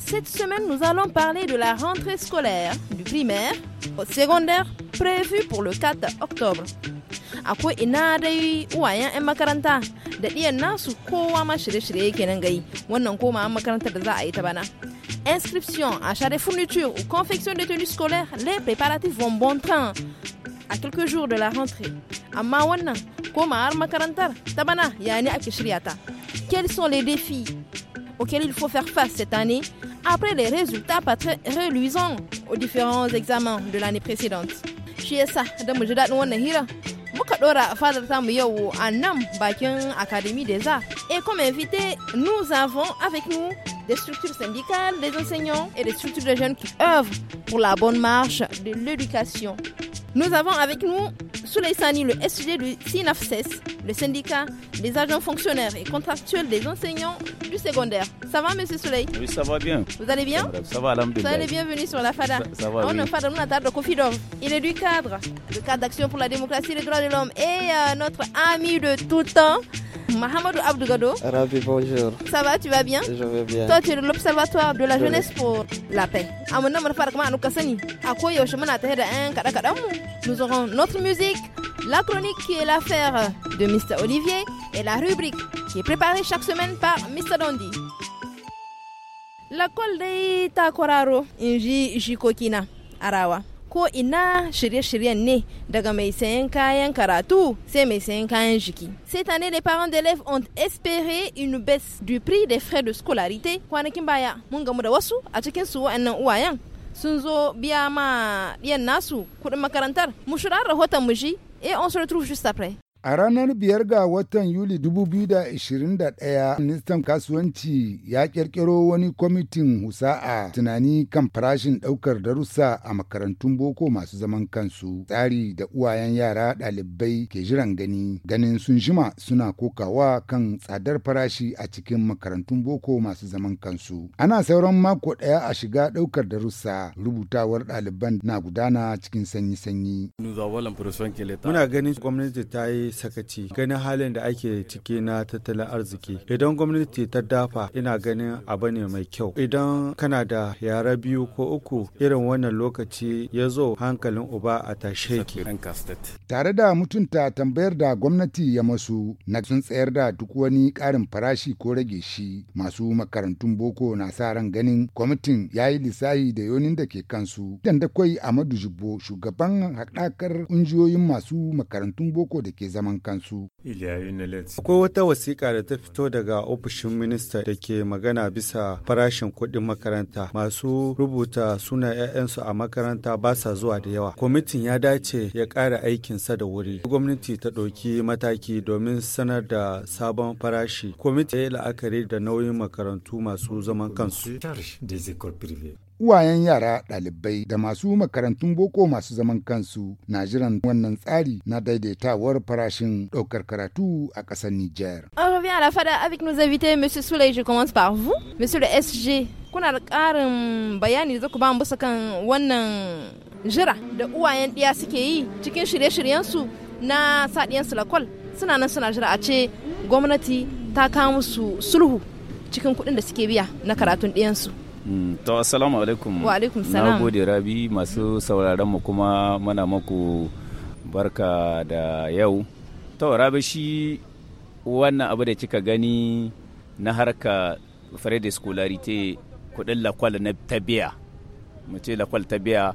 Cette semaine, nous allons parler de la rentrée scolaire du primaire au secondaire prévue pour le 4 octobre. akwai ina dai uwayen un makaranta da na nasu kowa ma shirye-shirye yake nan gai wannan koma an makaranta da za a yi ta bana inscription achat des fournitures ou confection de tenues scolaires les préparatifs vont bon train à quelques jours de la rentrée amma wannan koma har makarantar ta bana ya ne ake quels sont les défis auxquels il faut faire face cette année après les résultats pas très reluisants aux différents examens de l'année précédente. Chez ça, des Arts. Et comme invité, nous avons avec nous des structures syndicales, des enseignants et des structures de jeunes qui œuvrent pour la bonne marche de l'éducation nous avons avec nous Souley Sani, le SG du SINAFSES, le syndicat des agents fonctionnaires et contractuels des enseignants du secondaire. Ça va, monsieur Soleil Oui, ça va bien. Vous allez bien Ça va, l'âme de sur la FADA. Ça, On a est FADA, nous Il est du cadre, le cadre d'action pour la démocratie et les droits de l'homme et euh, notre ami de tout temps. Mahamadou Abdougado. Ravi, bonjour. Ça va, tu vas bien Je vais bien. Toi, tu es de l'Observatoire de la jeunesse pour la paix. Nous aurons notre musique, la chronique qui est l'affaire de Mr. Olivier et la rubrique qui est préparée chaque semaine par Mr. Dondi. La col de Takoraro, Inji Jikokina, Arawa ko ina shirye-shiryen ne daga mai sayan kayan karatu sai mai sayan kayan jiki. Cette année, les parents d'élèves ont espéré une baisse du prix des frais de scolarité kwanakin baya. Mun gamu da wasu a cikin su wa'annan uwayen sun zo biya ma ɗiyan nasu kuɗin makarantar. Mu shirar rahoton mu ji et eh, on se retrouve juste après. A ranar biyar ga watan Yuli 2021, ministan kasuwanci ya ƙirƙiro wani kwamitin husa a. tunani kan farashin ɗaukar darussa a makarantun boko masu zaman kansu tsari da uwayen yara ɗalibai ke jiran gani ganin sun jima suna kokawa kan tsadar farashi a cikin makarantun boko masu zaman kansu. Ana sauran mako ɗaya a shiga ɗaukar darussa rubutawar ɗaliban na gudana cikin sanyi-sanyi. Muna ganin gwamnati ta yi sakaci ganin halin da ake ciki na tattalin arziki idan gwamnati ta dafa ina ganin abu ne mai kyau idan kana da yara biyu ko uku irin wannan lokaci ya zo hankalin uba a tashe ki tare da mutunta tambayar da gwamnati ya masu na sun tsayar da duk wani karin farashi ko rage shi masu makarantun boko na sa ran ganin kwamitin ya yi lissahi da yonin da ke kansu dan da kwai amadu jibbo shugaban haɗakar ƙungiyoyin masu makarantun boko da ke zaman kansu. Akwai wata wasiƙa da ta fito daga ofishin minista da ke magana bisa farashin kuɗin makaranta. Masu rubuta suna 'ya'yansu a makaranta ba sa zuwa da yawa. Kwamitin ya dace ya ƙara aikinsa da wuri. Gwamnati ta ɗauki mataki domin sanar da sabon farashi. Kwamitin ya yi la'akari da nauyin makarantu masu zaman kansu. uwayen yara ɗalibai da masu makarantun boko masu zaman kansu na jiran wannan tsari na daidaitawar farashin ɗaukar karatu a ƙasar Nijar. On revient à la fada avec nos invités, Monsieur Souley, je commence par vous. Monsieur le SG, kuna da ƙarin bayani da zaku ba mu bisa kan wannan jira da uwayen ɗiya suke yi cikin shirye-shiryensu na saɗiyansu sulakol suna nan suna jira a ce gwamnati ta kawo musu sulhu cikin kuɗin da suke biya na karatun ɗiyansu. Mm, to assalamu alaikum wa alaikum salam na gode rabi masu sauraron mu kuma mana maku barka da yau to rabi shi wannan abu da kika gani na harka fare da scolarite kudin lakwal na tabiya mu ce lakwal tabiya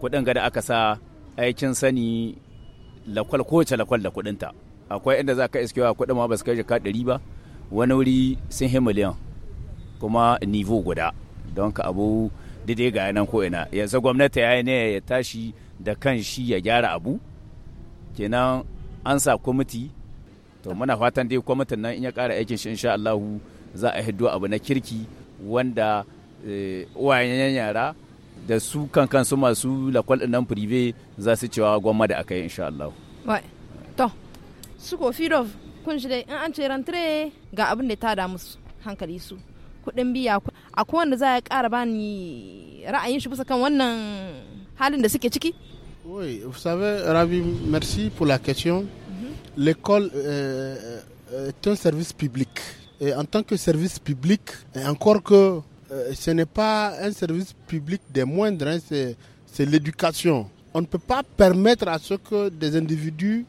kudin gada aka sa aikin sani lakwal kowace lakwal da kudinta akwai inda za ka iskewa kudin ma ba su kai jaka ɗari ba wani wuri sun hi kuma nivo guda don ka abu daidai ga nan ko ina yanzu gwamnati ya yi ne ya tashi da kan shi ya gyara abu kenan an sa kwamiti to muna fatan dai kwamitin nan in ya kara aikin shi insha Allahu za a hiddo abu na kirki wanda eh, uwayen yara da su kan kansu masu lakwal nan prive za su cewa gwamma da aka yi insha Allahu to su ko firov kun shi dai in an ce ga abin da ta da musu hankali su kuɗin biya Oui, vous savez, Ravi, merci pour la question. Mhm. L'école euh, euh, est un service public. Et en tant que service public, encore que euh, ce n'est pas un service public des moindres, hein, c'est l'éducation. On ne peut pas permettre à ce que des individus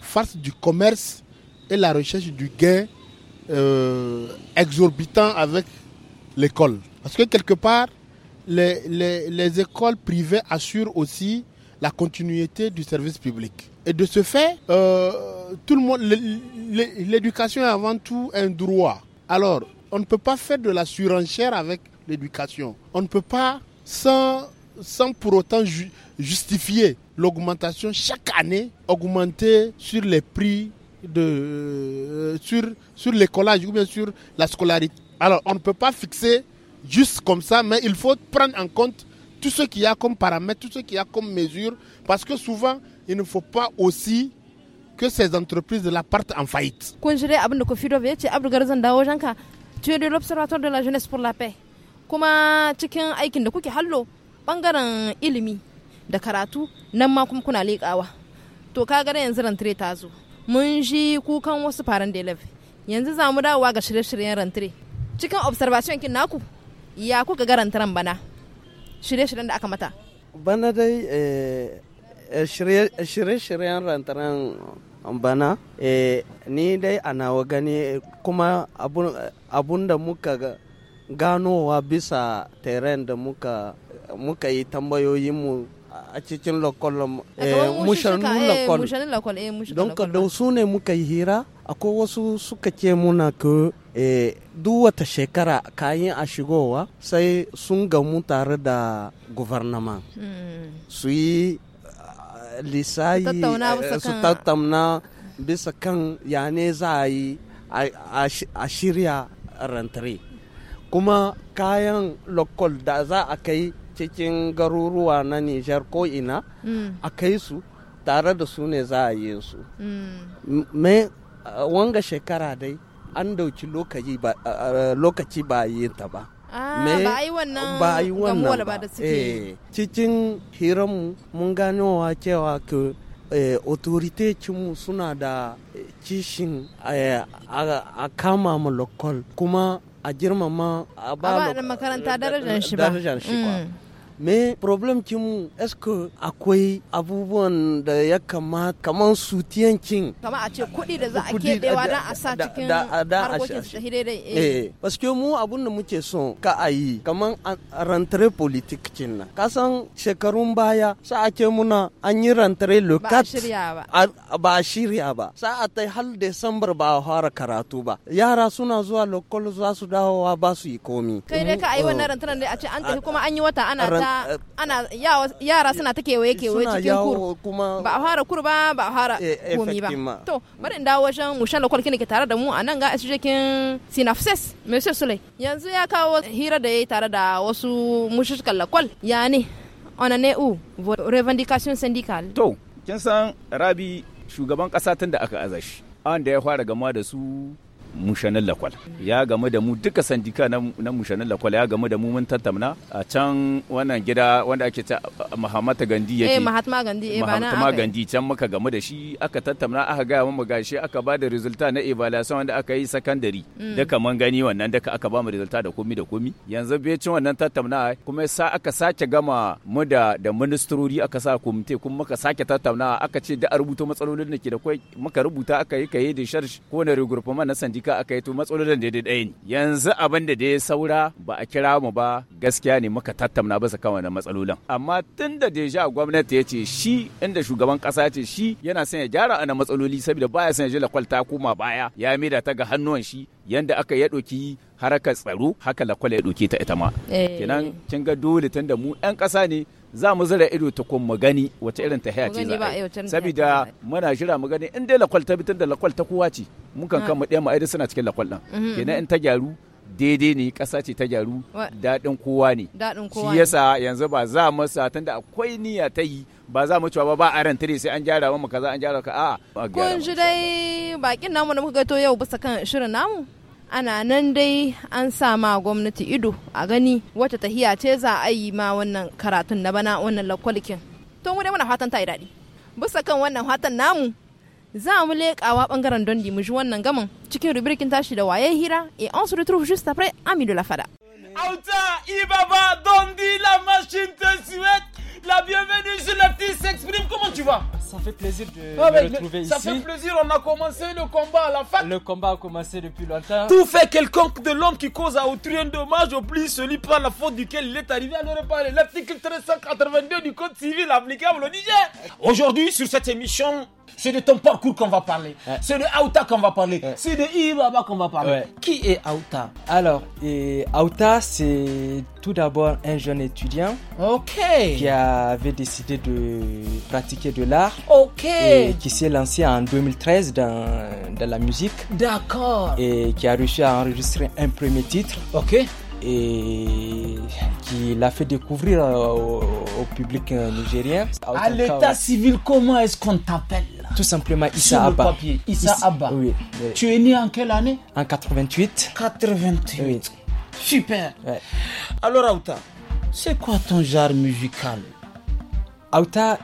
fassent du commerce et la recherche du gain exorbitant avec l'école. Parce que quelque part, les, écoles privées assurent aussi la continuité du service public. Et de ce fait, euh, tout le monde, l'éducation est avant tout un droit. Alors, on ne peut pas faire de la surenchère avec l'éducation. On ne peut pas, sans, sans pour autant justifier l'augmentation chaque année, augmenter sur les prix de euh, sur sur l'écolage ou bien sur la scolarité alors, on ne peut pas fixer juste comme ça, mais il faut prendre en compte tout ce qu'il y a comme paramètre, tout ce qu'il y a comme mesure, parce que souvent, il ne faut pas aussi que ces entreprises la partent en faillite. Tu es de l'Observatoire de la jeunesse pour la paix. Comment cikin aikin da kuke hallo bangaren ilimi da karatu nan ma kuma kuna leƙawa to kaga da yanzu rantre ta zo mun ji kukan wasu faran da yanzu za mu dawowa ga shirye-shiryen rantre cikin observation kin naku ya kuka garantaran bana shirye-shiryen da aka mata bana dai eh, eh, shirye-shiryen rantaran bana eh, ni dai a nawa gani kuma abun da muka ganowa bisa terrain da muka yi tambayoyinmu Um, a cikin eh, lokol eh, mushanin lokol eh, don da su ne muka yi hira akwai wasu suka ce muna ka duk wata shekara kayan a shigowa sai sun gamu tare da guvernama mm. su yi ah, lisayi su tattauna bisa kan yane za a yi a shirya rentre kuma kayan lokol da za a kai cikin garuruwa na nijar ko ina mm. a kai su tare da su ne za a yi su mm. me wanga shekara dai an dauki lokaci ba a yi ta ba ah, ba yi wannan ba yi wannan ba eh, cikin hiranmu mun ganowa cewa ke otoritecinmu eh, suna da kishin eh, a kama mu lokal kuma a girmama a ba makaranta darajar shi ba mm. me problem kinmu esko akwai abubuwan da ya kama kaman su tiyankin kama a ce kuɗi da za a ke dewa don a sa cikin harkokin shahidai da eh, eh parce que mu abun da muke son ka a yi kaman rentrer politique kin na ka san shekarun baya sa ake muna an yi rentrer le 4 ba shirya ba sa a tai hal Desambar ba a fara karatu ba yara suna zuwa lokol za su dawowa ba su yi komi kai dai ka a yi mm. wannan rentrer ne a ce an tafi kuma an yi wata ana ana yara suna ta kewaye kewaye cikin kur kuma ba a fara kur ba ba a fara eh, komi ba to bari dawo wajen mushan lokal kini ke tare da mu a nan ga SJ kin sinafses Monsieur sule yanzu ya kawo hira da ya yi tare da wasu mushukan lokal ya ne ona ne u revendication syndical to kin san Rabi shugaban kasa tun da aka azashi an da ya fara gama da su mushanin lakwal ya gamu da mu duka sandika na mushanin lakwal ya gamu da mu mun tattamna a can wannan gida wanda ake ta mahamata gandi yake eh mahatma gandi eh mahatma gandi can muka gamu da shi aka tattamna aka gaya mu gashi aka ba da resulta na evaluation wanda aka yi secondary mm. duka mun gani wannan duka aka ba mu resulta da komi da komi yanzu bai cin wannan tattamna kuma sa aka sake gama mu da da ministrori aka sa komite kuma muka sake tattauna aka ce da a rubuta matsalolin da ke da kai muka rubuta aka yi kai da sharh ko na regroupement na sandika ka aka yi to matsalolin da daidai ne yanzu abin da dai saura ba a kira mu ba gaskiya ne muka tattauna bisa kan wannan matsalolin amma tun da deja gwamnati ya ce shi inda shugaban kasa ce shi yana son ya gyara ana matsaloli saboda baya son ya ji lakwal ta koma baya ya da ta ga hannuwan shi yanda aka ya ɗauki harkar tsaro haka lakwal ya doke ta ita ma eh. kenan kin ga dole tun da mu 'yan ƙasa ne za mu zira ido ta kun mu gani irin ta haya ce za a yi saboda muna jira mu gani in dai lakwal ta bitin da lakwal ta kowa ce mun kan kan mu ɗaya mu aida suna cikin lakwal ɗin mm-hmm, kenan mm-hmm. in ta gyaru daidai ne ƙasa ce ta gyaru daɗin kowa ne shi yasa yanzu ba za mu sa tunda akwai niyya ta yi ba za mu cewa ba a ran tare sai an gyara mu kaza an gyara ka a'a kun ji dai bakin namu da muka to yau bisa kan shirin namu ana nan dai an sa ma gwamnati ido a gani wata tahiya ce za a yi ma wannan karatun na bana wannan lakwalikin to mu dai muna fatan ta yi daɗi bisa kan wannan fatan namu za mu leƙawa ɓangaren dondi mu ji wannan gaman cikin rubrikin tashi da waye hira e on se retrouve juste après ami la fada auta ibaba dondi la machine te souhaite La bienvenue sur l'artiste s'exprime. Comment tu vas Ça fait plaisir de ah, retrouver ici. Ça fait plaisir. On a commencé le combat à la fin Le combat a commencé depuis longtemps. Tout fait quelconque de l'homme qui cause à autrui un dommage oublie celui par la faute duquel il est arrivé à le réparer. L'article 382 du Code civil applicable au Niger. Aujourd'hui, sur cette émission, c'est de ton parcours qu'on va parler. C'est de Aouta qu'on va parler. C'est de Ibaba qu'on va parler. Qui est Aouta Alors, et Aouta, c'est tout d'abord un jeune étudiant qui avait décidé de pratiquer de l'art OK. et qui s'est lancé en 2013 dans, la musique. D'accord. Et qui a réussi à enregistrer un premier titre. Ok et qui l'a fait découvrir au, public euh, nigérien. À l'état civil, comment est-ce qu'on t'appelle tout simplement Issa Abba. Issa, Tu es né en quelle année En 88. 88. Super. Alors, Aouta, c'est quoi ton genre musical Auta,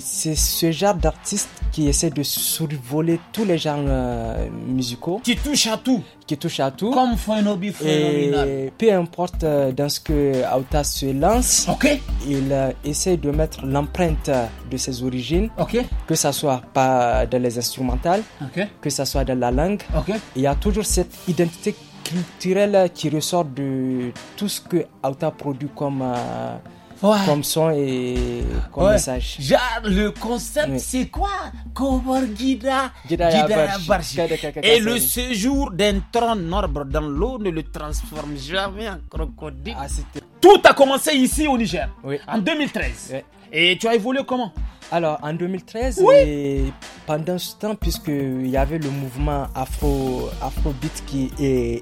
c'est ce genre d'artiste qui essaie de survoler tous les genres euh, musicaux. Qui touche à tout. Qui touche à tout. Comme Fuenobi Et peu importe euh, dans ce que Auta se lance, Ok. il euh, essaie de mettre l'empreinte de ses origines, que ce soit pas dans les instrumentales, que ce soit dans la langue. Il y a toujours cette identité culturelle qui ressort de tout ce que Auta produit comme comme son et comme message. le concept, c'est quoi Gida, Et le séjour d'un tronc d'arbre dans l'eau ne le transforme jamais en crocodile. Ah, Tout a commencé ici au Niger, en 2013. Et tu as évolué comment alors, en 2013, pendant ce temps, puisque il y avait le mouvement Afro, Afrobeat qui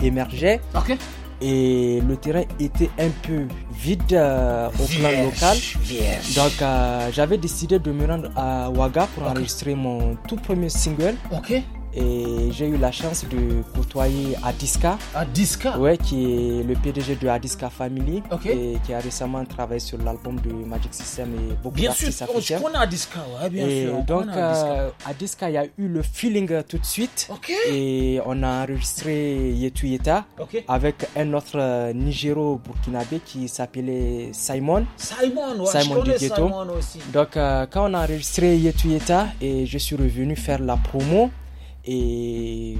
émergeait, Ok et le terrain était un peu vide euh, au plan local. Donc euh, j'avais décidé de me rendre à Ouaga pour enregistrer mon tout premier single et j'ai eu la chance de côtoyer Adiska. Adiska Ouais, qui est le PDG de Adiska Family et qui a récemment travaillé sur l'album de Magic System et beaucoup d'artistes Bien sûr, on Adiska, ouais, euh, donc, Adiska, il y a eu le feeling euh, tout de suite et on a enregistré Yetu Yeta avec un autre euh, Nigéro-Burkinabé qui s'appelait Simon. Simon, oui. Simon aussi. Donc, quand on a enregistré Yetu Yeta et je suis revenu faire la promo, et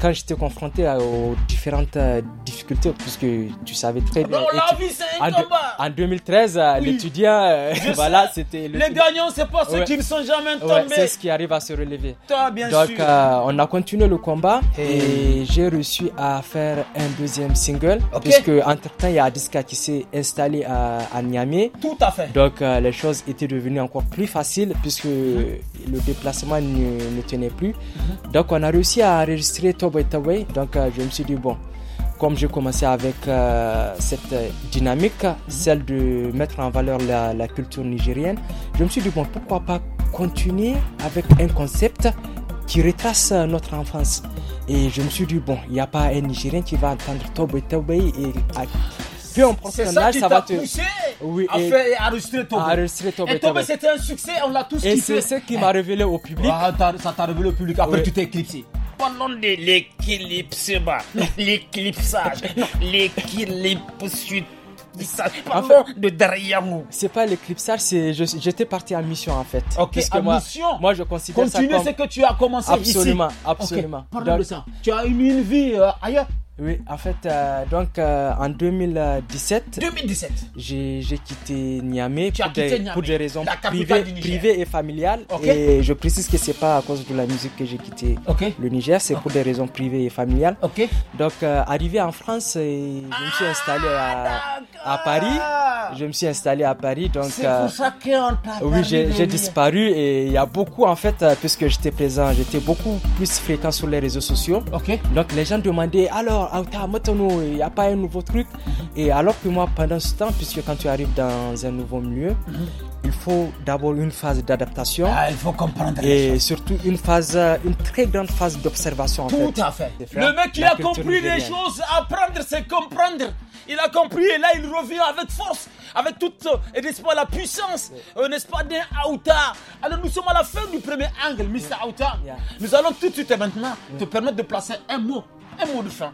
quand j'étais confronté aux différentes euh, difficultés, puisque tu savais très bien. Non, la c'est En 2013, euh, l'étudiant, euh, voilà, c'était. Les gagnants, c'est pas ceux qui ne sont jamais tombés. c'est ce qui arrive à se relever. bien Donc, on a continué le combat et, j'ai réussi à faire un deuxième single. Puisque, entre-temps, il y a Adiska qui s'est installé à, Niamey. Tout à fait. Donc, les choses étaient devenues encore plus faciles puisque mhm. le déplacement ne, tenait plus. Mhm. Donc, qu'on a réussi à enregistrer et away Donc, euh, je me suis dit, bon, comme j'ai commencé avec euh, cette dynamique, celle de mettre en valeur la, culture nigérienne, je me suis dit, bon, pourquoi pas continuer avec un concept qui retrace notre enfance. Et je me suis dit, bon, il n'y a pas un Nigérien qui va entendre Toboy et puis en ça, ça va te. Poussé oui, à et... faire enregistrer Tobé. Et Tobé, c'était un succès, on l'a tous kiffé. Et c'est ce qui m'a révélé au public. Ah, ça t'a révélé au public, après tu t'es éclipsé pendant de l'éclipse, l'éclipsage, l'équilibre suite. En fait, de derrière C'est pas l'éclipsage, c'est j'étais parti en mission en fait. Ok, moi, mission. Moi je considère Continue ça comme... ce que tu as commencé ici. Absolument, absolument. Okay, parle de ça. Tu as eu une vie euh, ailleurs. Oui, en fait, euh, donc euh, en 2017, 2017. j'ai quitté Niamey pour, des raisons privées, et familiales. Et je précise que c'est pas à cause de la musique que j'ai quitté le Niger, c'est pour des raisons privées et familiales. Donc, euh, arrivé en France, je me suis installé à, ah, à Paris. Ah je me suis installé à Paris. Donc, pour euh, ça oui, j'ai disparu et il y a beaucoup en fait, euh, puisque j'étais présent, j'étais beaucoup plus fréquent sur les réseaux sociaux. Donc les gens demandaient alors, Aouta, maintenant, il n'y a pas un nouveau truc. Et alors que moi, pendant ce temps, puisque quand tu arrives dans un nouveau milieu, mhm. il faut d'abord une phase d'adaptation. Ah, il faut comprendre. Et surtout une phase, euh, une très grande phase d'observation. Tout fait. à fait. Le mec, il a compris les choses. Apprendre, c'est comprendre. Il a compris et là, il revient avec force, avec toute, euh, et n'est-ce pas, la puissance, euh, n'est-ce pas, d'un Aouta. Alors nous sommes à la fin du premier angle, Mr. Aouta. Nous allons tout de suite maintenant te permettre de placer un mot, un mot de fin.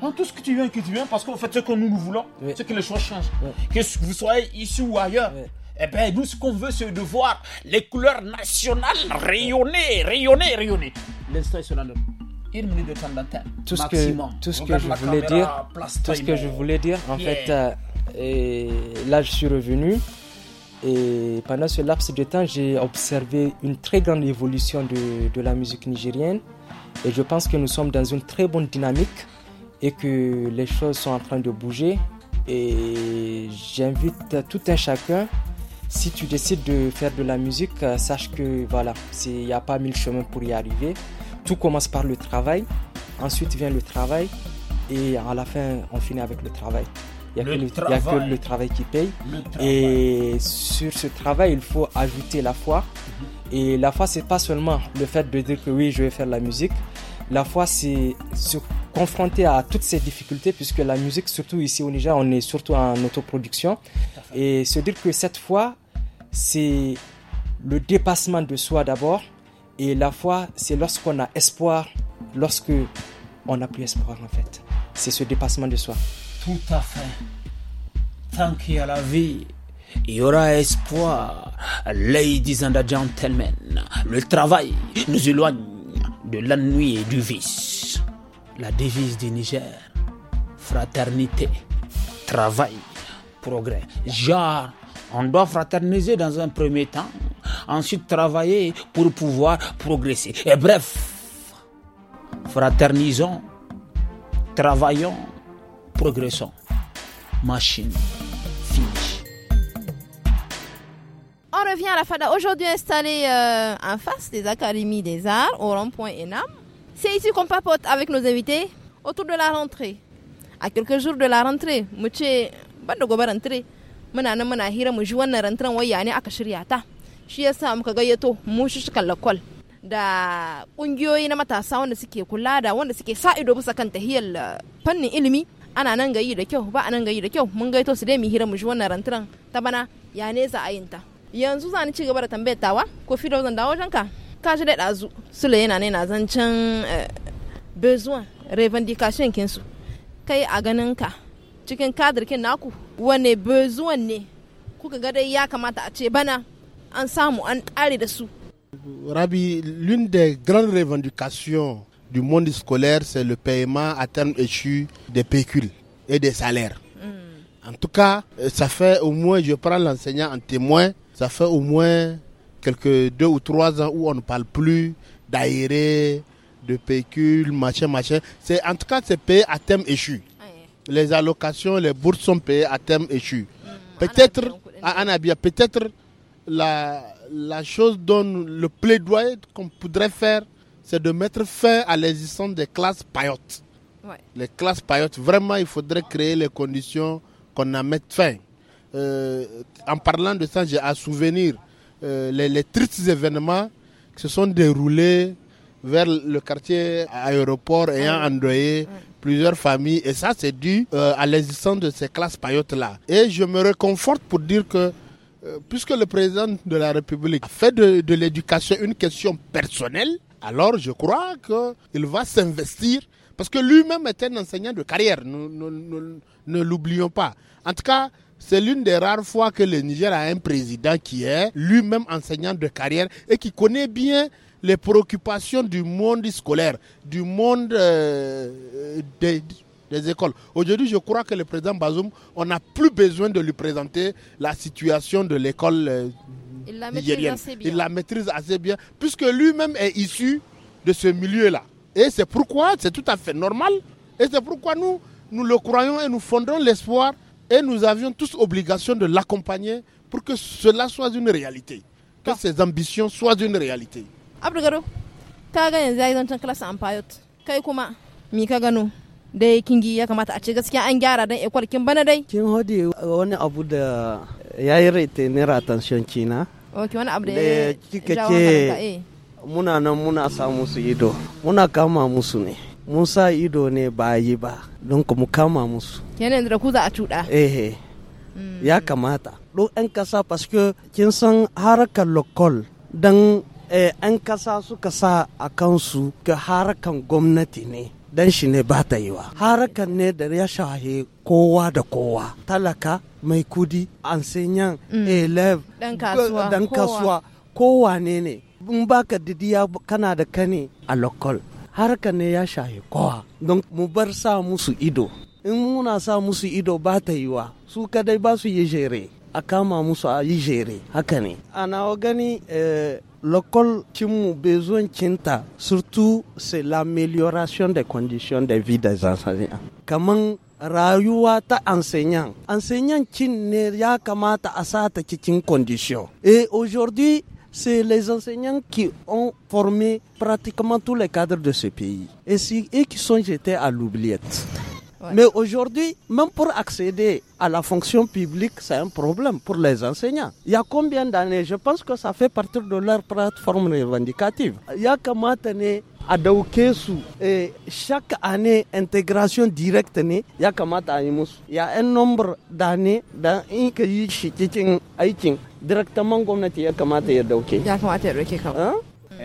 en tout ce que tu viens, que tu viens, parce qu'en fait, ce que nous, nous voulons, ce c'est que les choses changent. Que vous soyez ici ou ailleurs. Eh bien, nous, ce qu'on veut, c'est de voir les couleurs nationales rayonner, rayonner, rayonner. L'instant est sur de Tout ce que, tout ce que je voulais dire, tout ce que je voulais dire, en fait, euh, et là, je suis revenu. Et pendant ce laps de temps, j'ai observé une très grande évolution de, la musique nigérienne. Et je pense que nous sommes dans une très bonne dynamique et que les choses sont en train de bouger. Et j'invite tout un chacun, si tu décides de faire de la musique, sache que voilà, il n'y a pas mille chemins pour y arriver. Tout commence par le travail, ensuite vient le travail et à la fin, on finit avec le travail. Il n'y a, que le travail qui paye. Et sur ce travail, il faut ajouter la foi. Mhm. Et la foi, c'est pas seulement le fait de dire que oui, je vais faire la musique. La foi, c'est se confronter à toutes ces difficultés, puisque la musique, surtout ici au Niger, on est surtout en autoproduction. Et se dire que cette foi, c'est le dépassement de soi d'abord. Et la foi, c'est lorsqu'on a espoir, lorsque on n'a plus espoir en fait. C'est ce dépassement de soi. Tout à fait. Tant qu'il y a la vie, il y aura espoir. Ladies and gentlemen, le travail nous éloigne de l'ennui et du vice. La devise du Niger, fraternité, travail, progrès. Genre, on doit fraterniser dans un premier temps, ensuite travailler pour pouvoir progresser. Et bref, fraternisons, travaillons, progressons. Machine. Finish. On revient à la FADA. Aujourd'hui installé euh, en face des Académies des Arts, au rond-point ENAM. C'est ici qu'on papote avec nos invités autour de la rentrée. À quelques jours de la rentrée, Mouché, bande rentrée. hira da na suke kula sa ido bisa kan uh, ana nan gayi da kyau ba a nan gayi da kyau mun gaito su dai mu hira mu ji wannan rantaran ta bana ya ne za a yin ta yanzu za ni ci gaba da tambayar tawa ko fi zan dawo janka ka ji dai ɗazu sule yana ne na zancen eh, bezuwan revendication kinsu kai a ganin ka cikin kadirkin naku wane bezuwan ne kuka ga dai ya kamata a ce bana an samu an kare da su Rabi, l'une des grandes revendications du monde scolaire, c'est le paiement à terme échu des pécules et des salaires. Hmm. En tout cas, euh, ça fait au moins, je prends l'enseignant en témoin, ça fait au moins quelques deux ou trois ans où on ne parle plus d'aéré, de pécule, machin, machin. C'est, en tout cas, c'est payé à terme échu. Les allocations, les bourses sont payées à terme échu. Hmm. Peut-être, à Anabia, peut-être la, la chose dont le plaidoyer qu'on pourrait faire, c'est de mettre fin à l'existence des classes payotes. Les classes payotes, vraiment, il faudrait créer les conditions qu'on en mette fin. Euh, en parlant de ça, j'ai à souvenir euh, les, tristes événements qui se sont déroulés vers le quartier aéroport ayant endeuillé plusieurs familles. Et ça, c'est dû euh, à l'existence de ces classes payotes-là. Et je me réconforte pour dire que, puisque le président de la République fait de l'éducation une question personnelle, alors je crois qu'il va s'investir parce que lui-même est un enseignant de carrière, ne l'oublions pas. En tout cas, c'est l'une des rares fois que le Niger a un président qui est lui-même enseignant de carrière et qui connaît bien les préoccupations du monde scolaire, du monde euh, des, des, écoles. Aujourd'hui, je crois que le président Bazoum, on n'a plus besoin de lui présenter la situation de l'école euh, il la maîtrise assez bien, puisque lui-même est issu de ce milieu-là. Et c'est pourquoi c'est tout à fait normal. Et c'est pourquoi nous, nous le croyons et nous fondons l'espoir. Et nous avions tous obligation de l'accompagner pour que cela soit une réalité. Que ses ambitions soient une réalité. attention ok wani abu da ya ce muna nan muna sa musu ido muna kama musu ne mun sa ido ne ba yi ba don mu kama musu yanayin da ku za a cuɗa eh, eh. Hmm. ya kamata duk 'yan eh, kasa paske kin san harkar lokal don 'yan kasa suka sa a kansu ga harakan gwamnati ne dan shi ne ba ta yi wa harakan ne da ya shahe kowa da kowa talaka mai kudi ansenyan elev mm. dan kasuwa kowa ne ne in baka didiya kana da kani. a lokal harakan ne ya shahe kowa don mu bar sa musu ido in muna sa musu ido ba ta yi wa su kadai ba su yi jere a kama musu a yi jere haka ne a nawa gani eh, L'école qui a besoin surtout c'est l'amélioration des conditions de vie des enseignants. Comment rayuwa ta enseignant. Enseignant qui ne kamata asata cikin condition. Et aujourd'hui, c'est les enseignants qui ont formé pratiquement tous les cadres de ce pays. Et c'est qui sont jetés à l'oubliette. Mais aujourd'hui, même pour accéder à la fonction publique, c'est un problème pour les enseignants. Il y a combien d'années Je pense que ça fait partir de leur plateforme revendicative. Il y a que maintenant, à et chaque année, intégration directe, il y a Il y a un nombre d'années dans un pays, directement comme il y a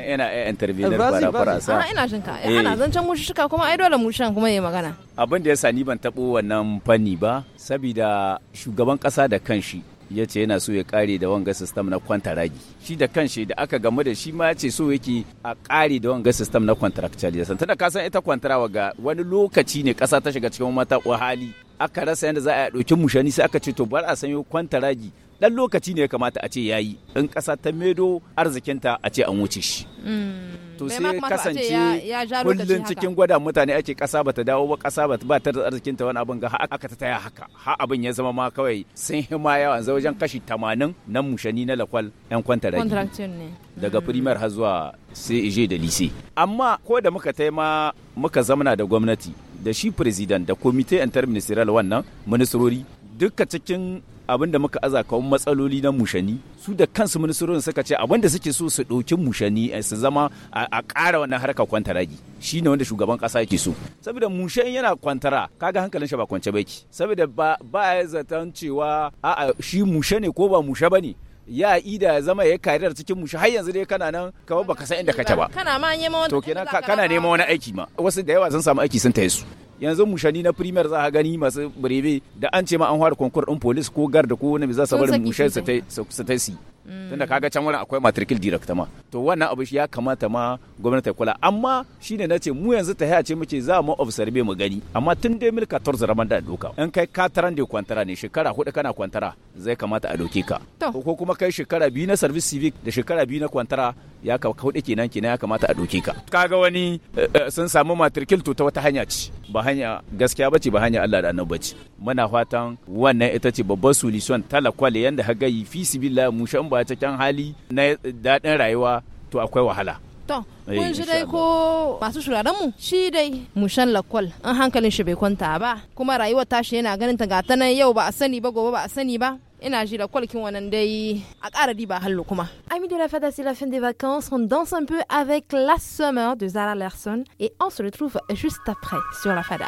ina interview intervenir bara farasa ana ina jinka eh. ana zancen shika kuma ai dole shan kuma yayi magana abin da yasa ni ban tabo wannan fanni ba saboda shugaban kasa da kanshi ya ce yana so ya kare da wanga system na kwantaragi shi da kanshi da aka gamu da shi ma ya ce so yake a kare da wanga system na contractualization tunda ka san ita kwantarawa ga wani lokaci ne kasa ta shiga cikin mata hali aka rasa yadda za a ɗauki mushani sai aka ce to bar a sanyo kwantaragi dan lokaci ne ya kamata a ce ya yi in kasa ta medo arzikinta a ce an wuce shi hmm. to sai kasance kullum cikin gwada mutane ake kasa bata dawo ba kasa bata ba ta da arzikinta wani abin ga har aka ta taya haka ha abin ya zama ma kawai sun hima yawa yanzu wajen kashi 80 nan mushani na lakwal yan ne daga hmm. primar har zuwa sai ije da lise amma ko da muka taima muka zamana da gwamnati da shi president da committee interministerial wannan ministrori duka cikin abin da muka aza kawo matsaloli na mushani su da kansu ministerin suka ce abin da suke so su ɗauki mushani eh, su zama a ƙara wannan harkar kwantaragi shi ne wanda shugaban ƙasa yake so saboda mushani yana kwantara kaga hankalin shi ba kwance ki saboda ba ya zaton cewa a'a shi mushe ne ko ba mushe ne ya ida ya zama ya da cikin mushi har yanzu dai kana nan kawai baka san inda kake ba kana ma neman to kenan kana neman wani aiki ma wasu da yawa sun samu aiki sun taye su yanzu mushani na primar za a gani masu birebe da an ce ma an fara konkur din polis ko garda ko wani za su bar mushe su ta si mm. tunda kaga can wurin akwai matrikil direct ma to wannan abu ya kamata ma gwamnati ta kula amma shine ce mu yanzu ta haya ce muke za mu observe mu gani amma tun dai milka torz raman da doka in kai ka da kwantara ne shekara hudu kana kwantara zai kamata a doke ka ko kuma kai shekara biyu na service civic da shekara biyu na kwantara ya ka kauɗe kenan kenan ya kamata a doke ka kaga wani eh, eh, sun samu matrikil to ta wata hanya ce ba hanya gaskiya bace ba hanya Allah da annabi bace muna fatan wannan ita ce babbar solution talakwale yanda haga yi fi sibillah mu shan ba cikin hali na daɗin rayuwa to akwai wahala To, eh, kun shi dai ko masu shuraren mu shi dai mushan lakwal an hankalin shi bai kwanta ba kuma rayuwar tashi yana ganin ta gata nan yau ba a sani ba gobe ba a sani ba de la Fada, c'est la fin des vacances. On danse un peu avec La Summer de Zara Larson et on se retrouve juste après sur la Fada.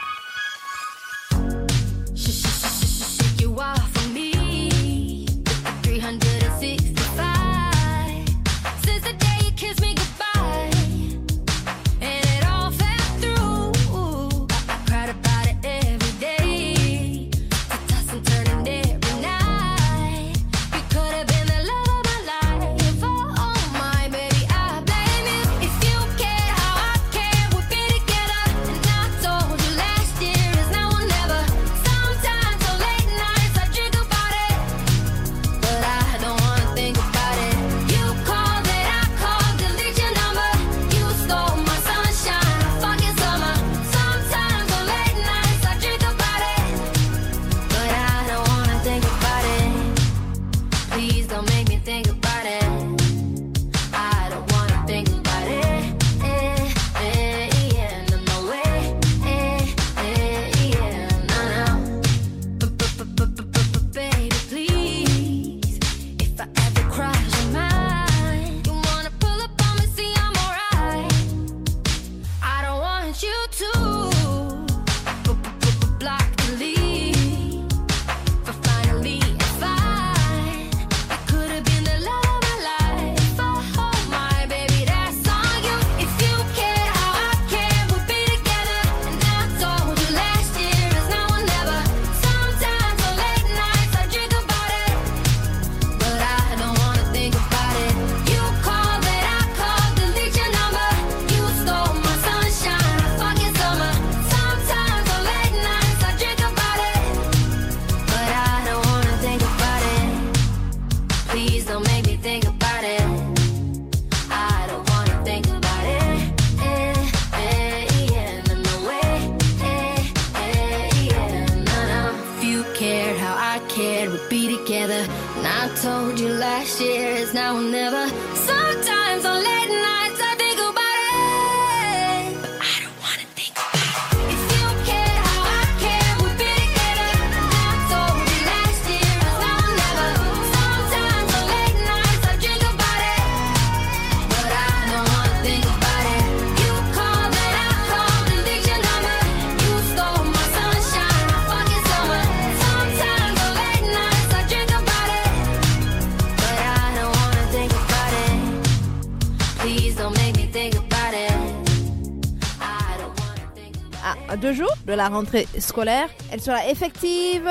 la rentrée scolaire. Elle sera effective.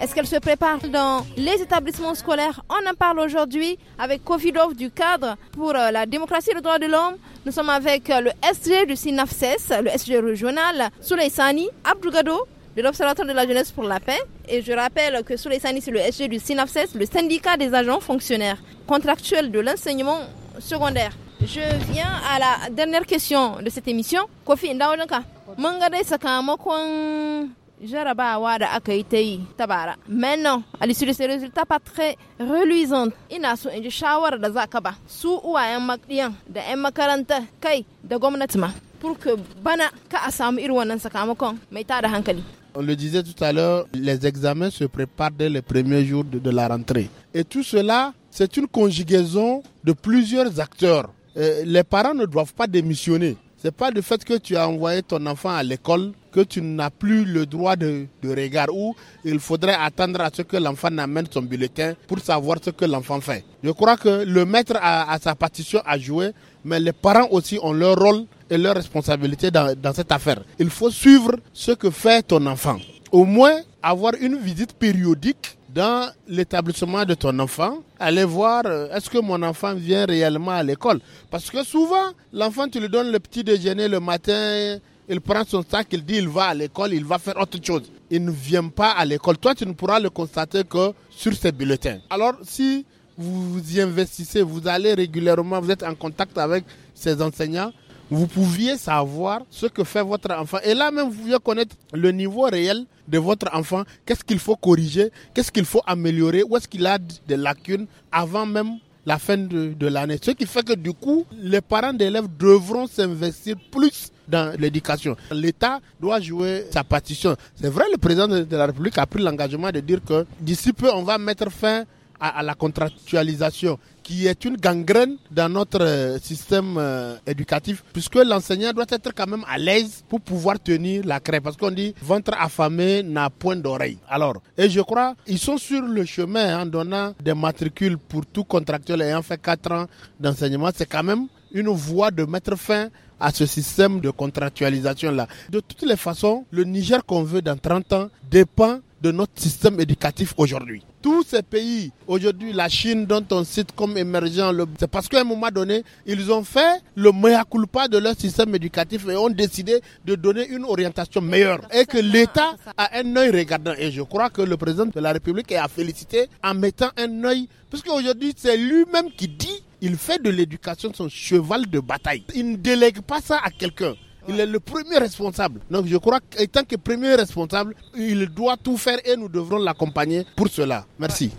Est-ce qu'elle se prépare dans les établissements scolaires On en parle aujourd'hui avec Covid-Off du cadre pour euh, la démocratie et le droit de l'homme. Nous sommes avec euh, le SG du SINAFSES, le SG régional, Souley Sani, Abdougado de l'Observatoire de la jeunesse pour la paix. Et je rappelle que Souley Sani, c'est le SG du SINAFSES, le syndicat des agents fonctionnaires contractuels de l'enseignement secondaire. Je viens à la dernière question de cette émission. Kofi Ndaodanka. Mangare sakamakon jarabawa da aka yi tabara. Maintenant, à l'issue de ces résultats pas très reluisants, ina y in ji shawarar da zakaba. sous ou su uwayen makiyan da M40, kai da gwamnati Pour que bana ka a samu irin wannan sakamakon mai hankali. On le disait tout à l'heure, les examens se préparent dès les premiers jours de la rentrée. Et tout cela, c'est une conjugaison de plusieurs acteurs euh, les parents ne doivent pas démissionner. Ce n'est pas le fait que tu as envoyé ton enfant à l'école que tu n'as plus le droit de, de regard ou il faudrait attendre à ce que l'enfant amène son bulletin pour savoir ce que l'enfant fait. Je crois que le maître a, sa partition à jouer, mais les parents aussi ont leur rôle et leur responsabilité dans cette affaire. Il faut suivre ce que fait ton enfant. Au moins avoir une visite périodique dans l'établissement de ton enfant, allez voir euh, est-ce que mon enfant vient réellement à l'école. Parce que souvent, l'enfant, tu lui donnes le petit déjeuner le matin, il prend son sac, il dit il va à l'école, il va faire autre chose. Il ne vient pas à l'école. Toi, tu ne pourras le constater que sur ses bulletins. Alors, si vous y investissez, vous allez régulièrement, vous êtes en contact avec ces enseignants, vous pouviez savoir ce que fait votre enfant. Et là même, vous pouviez connaître le niveau réel de votre enfant, qu'est-ce qu'il faut corriger, qu'est-ce qu'il faut améliorer, où est-ce qu'il a des lacunes avant même la fin de, de l'année. Ce qui fait que du coup, les parents d'élèves devront s'investir plus dans l'éducation. L'État doit jouer sa partition. C'est vrai, le président de la République a pris l'engagement de dire que d'ici peu, on va mettre fin à, la contractualisation, qui est une gangrène dans notre euh, système euh, éducatif, puisque l'enseignant doit être quand même à l'aise pour pouvoir tenir la crêpe. Parce qu'on dit ventre affamé n'a point d'oreille. Alors, et je crois, ils sont sur le chemin en donnant des matricules pour tout contractuel ayant fait 4 ans d'enseignement. C'est quand même une voie de mettre fin à ce système de contractualisation-là. De toutes les façons, le Niger qu'on veut dans 30 ans dépend de notre système éducatif aujourd'hui tous ces pays, aujourd'hui la Chine dont on cite comme émergent, c'est parce qu'à un moment donné, ils ont fait le mea culpa de leur système éducatif et ont décidé de donner une orientation meilleure. Et que l'État a un œil regardant. Et je crois que le président de la République est à féliciter en mettant un œil, Parce qu'aujourd'hui, c'est lui-même qui dit, il fait de l'éducation son cheval de bataille. Il ne délègue pas ça à quelqu'un. Il est le premier responsable. Donc je crois qu'en tant que premier responsable, il doit tout faire et nous devrons l'accompagner pour cela. Merci.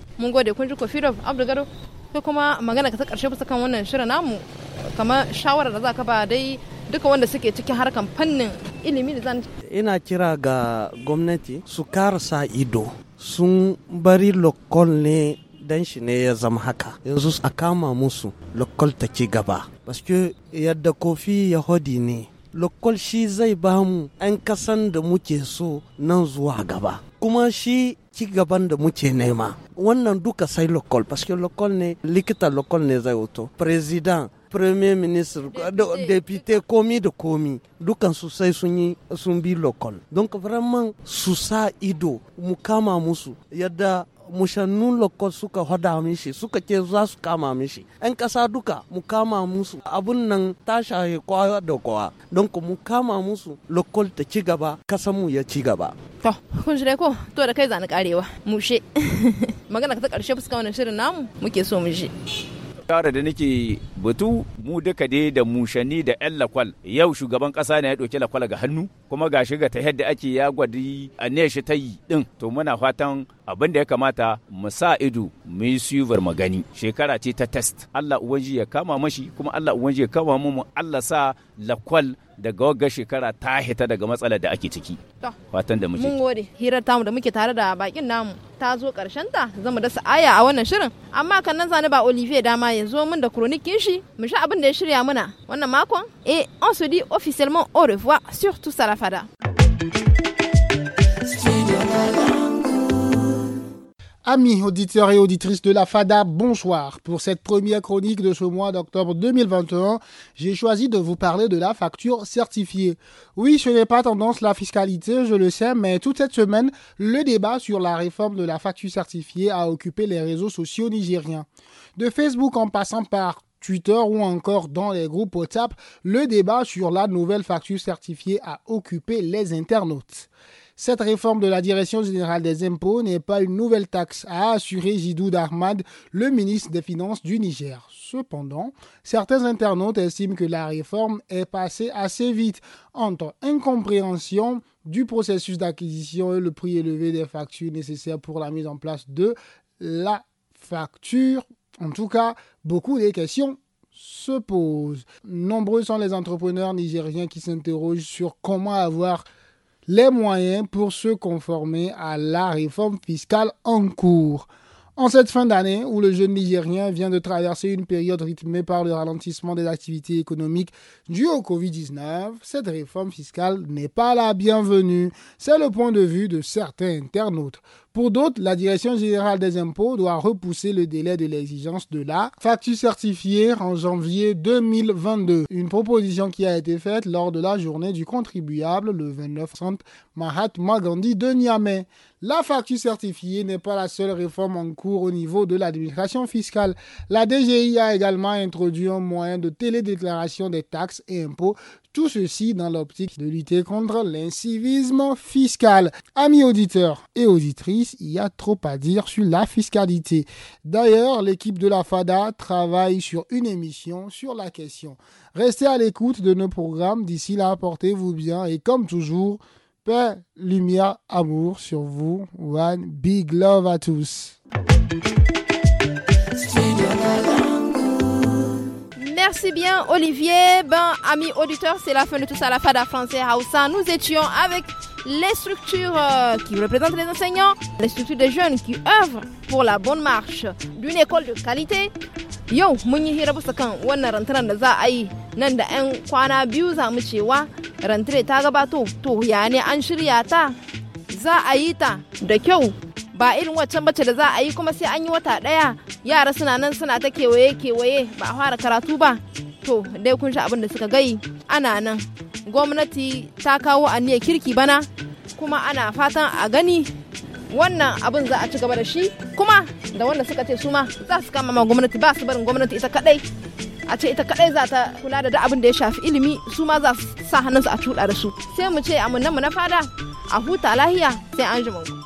sai kuma magana ta karshe bisa kan wannan shirin namu kamar shawara da za ka ba dai duka wanda suke cikin harkan fannin ilimi da zan ina kira ga gwamnati su karasa ido sun bari lokol ne dan shi ne ya zama haka yanzu a kama musu lokol ta ci gaba baske yadda kofi yahudi ne lokal shi zai ba mu 'yan kasan da muke so nan zuwa gaba kuma shi ci gaban da muke nema wannan duka sai lokal parce que lokal ne likita lokal ne zai wuto president premier ministre député komi da komi dukan su sai sun yi sun bi lokal don vraiment su sa ido mu kama musu yadda mushannun lokot suka hada mishi suka ce za su kama mishi yan kasa duka mu kama musu abun nan ta shahe kwaya da kwa don ku mu kama musu lokol ta ci gaba mu ya ci gaba to kun shi ko to da kai zani karewa mushe magana ka ta karshe fuska wannan shirin namu muke so mu ji tunkara da nake batu mu duka dai da mushani da yan lakwal yau shugaban kasa ne ya ɗauki lakwal ga hannu kuma ga shiga ta yadda ake ya gwadi a ne ta yi din to muna fatan abin da ya kamata mu sa ido mu yi suyuvar magani shekara ce ta test Allah uwanji ya kama mashi kuma Allah uwanji ya kama mu Allah sa lakwal daga wagga shekara ta hita daga matsalar da ake ciki fatan da muke mun gode hirar tamu da muke tare da bakin namu ta zo karshen ta zama da sa'aya a wannan shirin amma kan nan zani ba Olivier dama ya zo min da kronikin shi mu sha abin da ya shirya muna wannan makon eh on se dit officiellement au revoir sur tout Amis auditeurs et auditrices de la FADA, bonsoir. Pour cette première chronique de ce mois d'octobre 2021, j'ai choisi de vous parler de la facture certifiée. Oui, ce n'est pas tendance la fiscalité, je le sais, mais toute cette semaine, le débat sur la réforme de la facture certifiée a occupé les réseaux sociaux nigériens. De Facebook en passant par Twitter ou encore dans les groupes WhatsApp, le débat sur la nouvelle facture certifiée a occupé les internautes. Cette réforme de la Direction générale des impôts n'est pas une nouvelle taxe, a assuré Jidou Dahmad, le ministre des Finances du Niger. Cependant, certains internautes estiment que la réforme est passée assez vite entre incompréhension du processus d'acquisition et le prix élevé des factures nécessaires pour la mise en place de la facture. En tout cas, beaucoup des questions se posent. Nombreux sont les entrepreneurs nigériens qui s'interrogent sur comment avoir les moyens pour se conformer à la réforme fiscale en cours. En cette fin d'année, où le jeune Nigérien vient de traverser une période rythmée par le ralentissement des activités économiques dues au Covid-19, cette réforme fiscale n'est pas la bienvenue. C'est le point de vue de certains internautes. Pour d'autres, la Direction générale des impôts doit repousser le délai de l'exigence de la facture certifiée en janvier 2022, une proposition qui a été faite lors de la journée du contribuable le 29 Mahatma Gandhi de Niamey. La facture certifiée n'est pas la seule réforme en cours au niveau de l'administration fiscale. La DGI a également introduit un moyen de télédéclaration des taxes et impôts, tout ceci dans l'optique de lutter contre l'incivisme fiscal. Amis auditeurs et auditrices, il y a trop à dire sur la fiscalité. D'ailleurs, l'équipe de la FADA travaille sur une émission sur la question. Restez à l'écoute de nos programmes. D'ici là, portez-vous bien et comme toujours, Paix, lumière, amour sur vous. One big love à tous. Merci bien Olivier. Ben amis auditeurs, c'est la fin de tout ça la Fada Française, Hausa. Nous étions avec les structures euh, qui représentent les enseignants, les structures des jeunes qui œuvrent pour la bonne marche d'une école de qualité. Yo, mun yi nan da 'yan kwana biyu za mu cewa rantare ta gabato to ya ne an shirya ta za a yi ta da kyau ba irin waccan bace da za a yi kuma sai an yi wata daya yara suna nan suna ta kewaye kewaye ba a fara karatu ba to dai kun sha abin da suka gai ana nan gwamnati ta kawo aniyar kirki bana kuma ana fatan a gani wannan abin za a ci gaba da shi kuma da wanda suka ce su ma za su kama ma gwamnati ba su barin gwamnati ita kadai a ce ita kadai za ta kula da abin da ya shafi ilimi su ma za su sa hannunsu a cuɗa da su sai mu ce a mu na fada a huta lahiya sai an ku.